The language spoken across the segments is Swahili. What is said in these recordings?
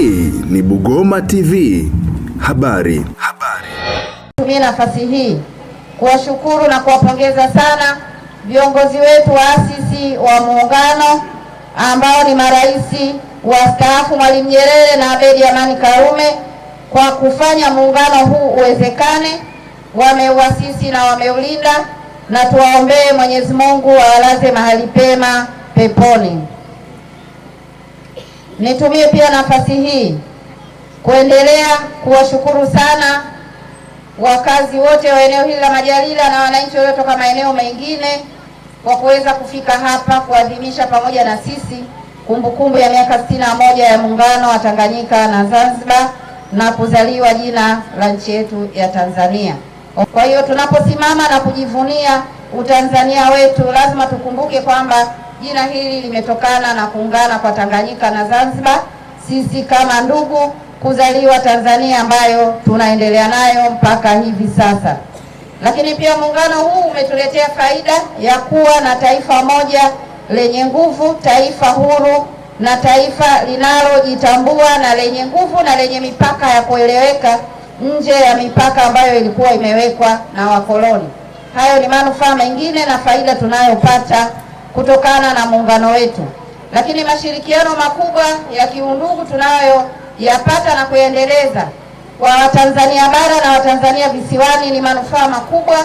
Hii ni Bugoma TV habari. Habari. Tumia nafasi hii kuwashukuru na kuwapongeza sana viongozi wetu waasisi wa muungano ambao ni maraisi wastaafu Mwalimu Nyerere na Abedi Amani Karume kwa kufanya muungano huu uwezekane. Wameuasisi na wameulinda, na tuwaombee Mwenyezi Mungu awalaze mahali pema peponi. Nitumie pia nafasi hii kuendelea kuwashukuru sana wakazi wote wa eneo hili la Majalila na wananchi waliotoka maeneo mengine kwa kuweza kufika hapa kuadhimisha pamoja na sisi kumbukumbu ya miaka sitini na moja ya muungano wa Tanganyika na Zanzibar na kuzaliwa jina la nchi yetu ya Tanzania. Kwa hiyo tunaposimama na kujivunia Utanzania wetu lazima tukumbuke kwamba Jina hili limetokana na kuungana kwa Tanganyika na Zanzibar, sisi kama ndugu, kuzaliwa Tanzania ambayo tunaendelea nayo mpaka hivi sasa. Lakini pia muungano huu umetuletea faida ya kuwa na taifa moja lenye nguvu, taifa huru na taifa linalojitambua na lenye nguvu na lenye mipaka ya kueleweka nje ya mipaka ambayo ilikuwa imewekwa na wakoloni. Hayo ni manufaa mengine na faida tunayopata kutokana na muungano wetu, lakini mashirikiano makubwa ya kiundugu tunayoyapata na kuendeleza kwa Watanzania bara na Watanzania visiwani ni manufaa makubwa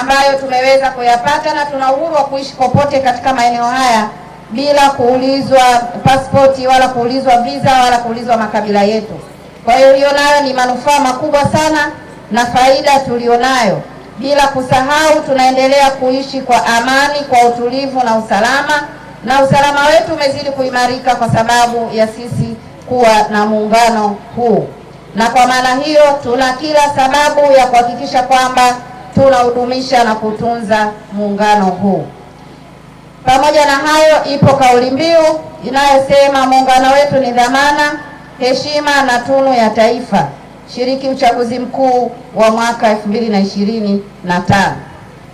ambayo tumeweza kuyapata na tuna uhuru wa kuishi popote katika maeneo haya bila kuulizwa pasipoti wala kuulizwa visa wala kuulizwa makabila yetu. Kwa hiyo hiyo nayo ni manufaa makubwa sana na faida tulionayo. Bila kusahau tunaendelea kuishi kwa amani, kwa utulivu na usalama, na usalama wetu umezidi kuimarika kwa sababu ya sisi kuwa na muungano huu, na kwa maana hiyo tuna kila sababu ya kuhakikisha kwamba tunaudumisha na kutunza muungano huu. Pamoja na hayo, ipo kauli mbiu inayosema muungano wetu ni dhamana, heshima na tunu ya taifa shiriki uchaguzi mkuu wa mwaka 2025.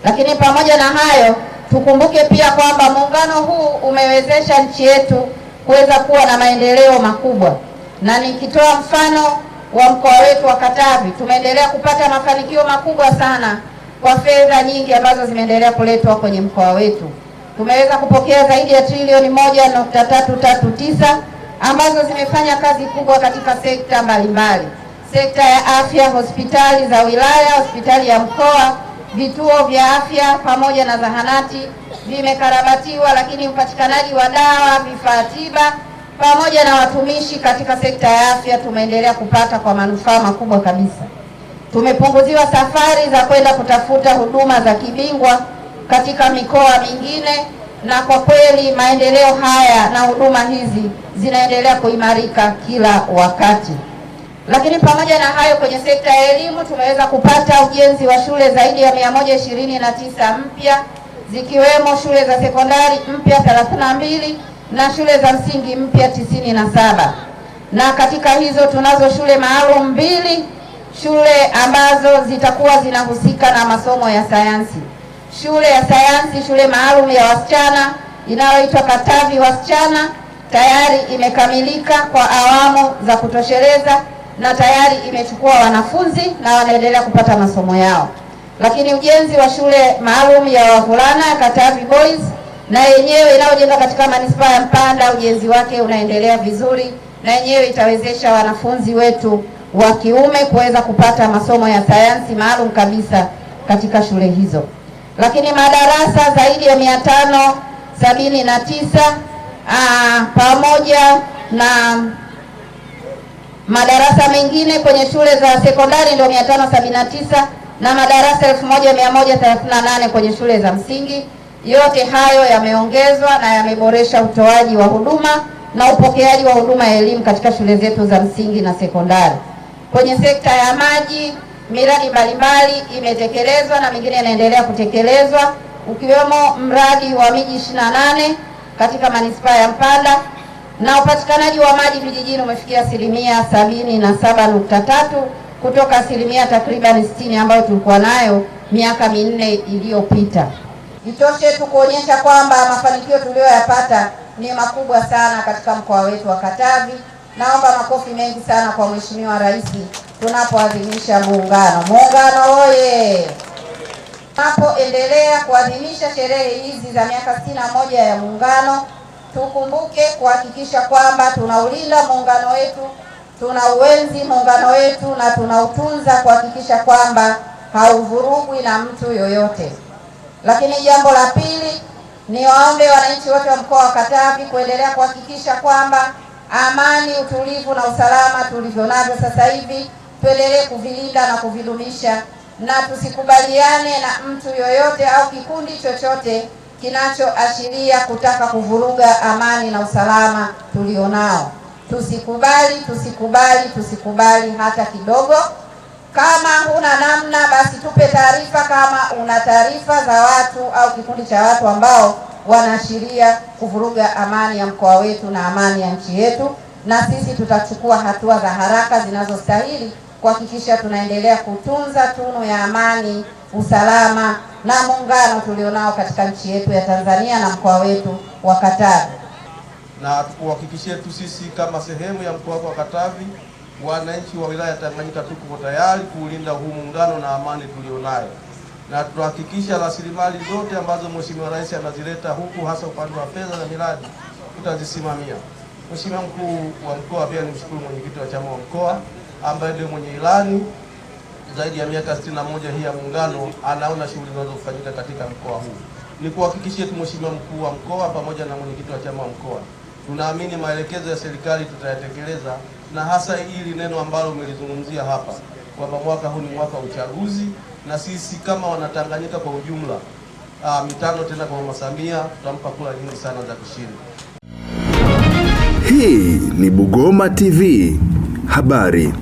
Lakini pamoja na hayo, tukumbuke pia kwamba muungano huu umewezesha nchi yetu kuweza kuwa na maendeleo makubwa, na nikitoa mfano wa mkoa wetu wa Katavi, tumeendelea kupata mafanikio makubwa sana kwa fedha nyingi ambazo zimeendelea kuletwa kwenye mkoa wetu. Tumeweza kupokea zaidi ya trilioni moja nukta tatu tatu tisa ambazo zimefanya kazi kubwa katika sekta mbalimbali sekta ya afya, hospitali za wilaya, hospitali ya mkoa, vituo vya afya pamoja na zahanati vimekarabatiwa, lakini upatikanaji wa dawa, vifaa tiba pamoja na watumishi katika sekta ya afya tumeendelea kupata kwa manufaa makubwa kabisa. Tumepunguziwa safari za kwenda kutafuta huduma za kibingwa katika mikoa mingine, na kwa kweli maendeleo haya na huduma hizi zinaendelea kuimarika kila wakati. Lakini pamoja na hayo, kwenye sekta ya elimu tumeweza kupata ujenzi wa shule zaidi ya mia ishirini na tisa mpya zikiwemo shule za sekondari mpya thelathini na mbili na shule za msingi mpya tisini na saba na katika hizo tunazo shule maalum mbili, shule ambazo zitakuwa zinahusika na masomo ya sayansi. Shule ya sayansi, shule maalum ya wasichana inayoitwa Katavi Wasichana tayari imekamilika kwa awamu za kutosheleza na tayari imechukua wanafunzi na wanaendelea kupata masomo yao. Lakini ujenzi wa shule maalum ya wavulana Katavi Boys na yenyewe inayojenga katika manispaa ya Mpanda, ujenzi wake unaendelea vizuri, na yenyewe itawezesha wanafunzi wetu wa kiume kuweza kupata masomo ya sayansi maalum kabisa katika shule hizo. Lakini madarasa zaidi ya mia tano sabini na tisa pamoja na madarasa mengine kwenye shule za sekondari ndio 579 na madarasa 1138 kwenye shule za msingi. Yote hayo yameongezwa na yameboresha utoaji wa huduma na upokeaji wa huduma ya elimu katika shule zetu za msingi na sekondari. Kwenye sekta ya maji, miradi mbalimbali imetekelezwa na mingine inaendelea kutekelezwa, ukiwemo mradi wa miji 28 katika manispaa ya Mpanda na upatikanaji wa maji vijijini umefikia asilimia sabini na saba nukta tatu kutoka asilimia takribani sitini ambayo tulikuwa nayo miaka minne iliyopita. Itoshe tu kuonyesha kwamba mafanikio tuliyoyapata ni makubwa sana katika mkoa wetu wa Katavi. Naomba makofi mengi sana kwa Mheshimiwa Rais tunapoadhimisha Muungano. Muungano oye! Tunapoendelea kuadhimisha sherehe hizi za miaka sitini na moja ya Muungano tukumbuke kuhakikisha kwamba tunaulinda muungano wetu, tuna uwenzi muungano wetu na tunautunza kuhakikisha kwamba hauvurugwi na mtu yoyote. Lakini jambo la pili ni waombe wananchi wote wa mkoa wa Katavi kuendelea kuhakikisha kwamba amani, utulivu na usalama tulivyo navyo sasa hivi tuendelee kuvilinda na kuvidumisha, na tusikubaliane na mtu yoyote au kikundi chochote kinachoashiria kutaka kuvuruga amani na usalama tulionao. Tusikubali, tusikubali, tusikubali hata kidogo. Kama huna namna, basi tupe taarifa. Kama una taarifa za watu au kikundi cha watu ambao wanaashiria kuvuruga amani ya mkoa wetu na amani ya nchi yetu, na sisi tutachukua hatua za haraka zinazostahili kuhakikisha tunaendelea kutunza tunu ya amani usalama na muungano tulionao katika nchi yetu ya Tanzania na mkoa wetu wa Katavi. Na tukuhakikishie tu sisi kama sehemu ya mkoa wa Katavi, wananchi wa wilaya ya Tanganyika tuko tayari kuulinda huu muungano na amani tulionayo, na tutahakikisha rasilimali zote ambazo Mheshimiwa Rais anazileta huku, hasa upande wa fedha na miradi, tutazisimamia. Mheshimiwa mkuu wa mkoa, pia nimshukuru mwenyekiti wa chama wa mkoa ambaye ndio mwenye ilani zaidi ya miaka 61 hii ya Muungano, anaona shughuli zinazofanyika katika mkoa huu. Ni kuhakikishie tu Mheshimiwa mkuu wa mkoa pamoja na mwenyekiti wa chama wa mkoa, tunaamini maelekezo ya serikali tutayatekeleza, na hasa hili neno ambalo umelizungumzia hapa kwamba mwaka huu ni mwaka wa uchaguzi, na sisi kama Wanatanganyika kwa ujumla aa, ah, mitano tena kwa Mama Samia, tutampa kura nyingi sana za kushindi. Hii ni Bugoma TV habari.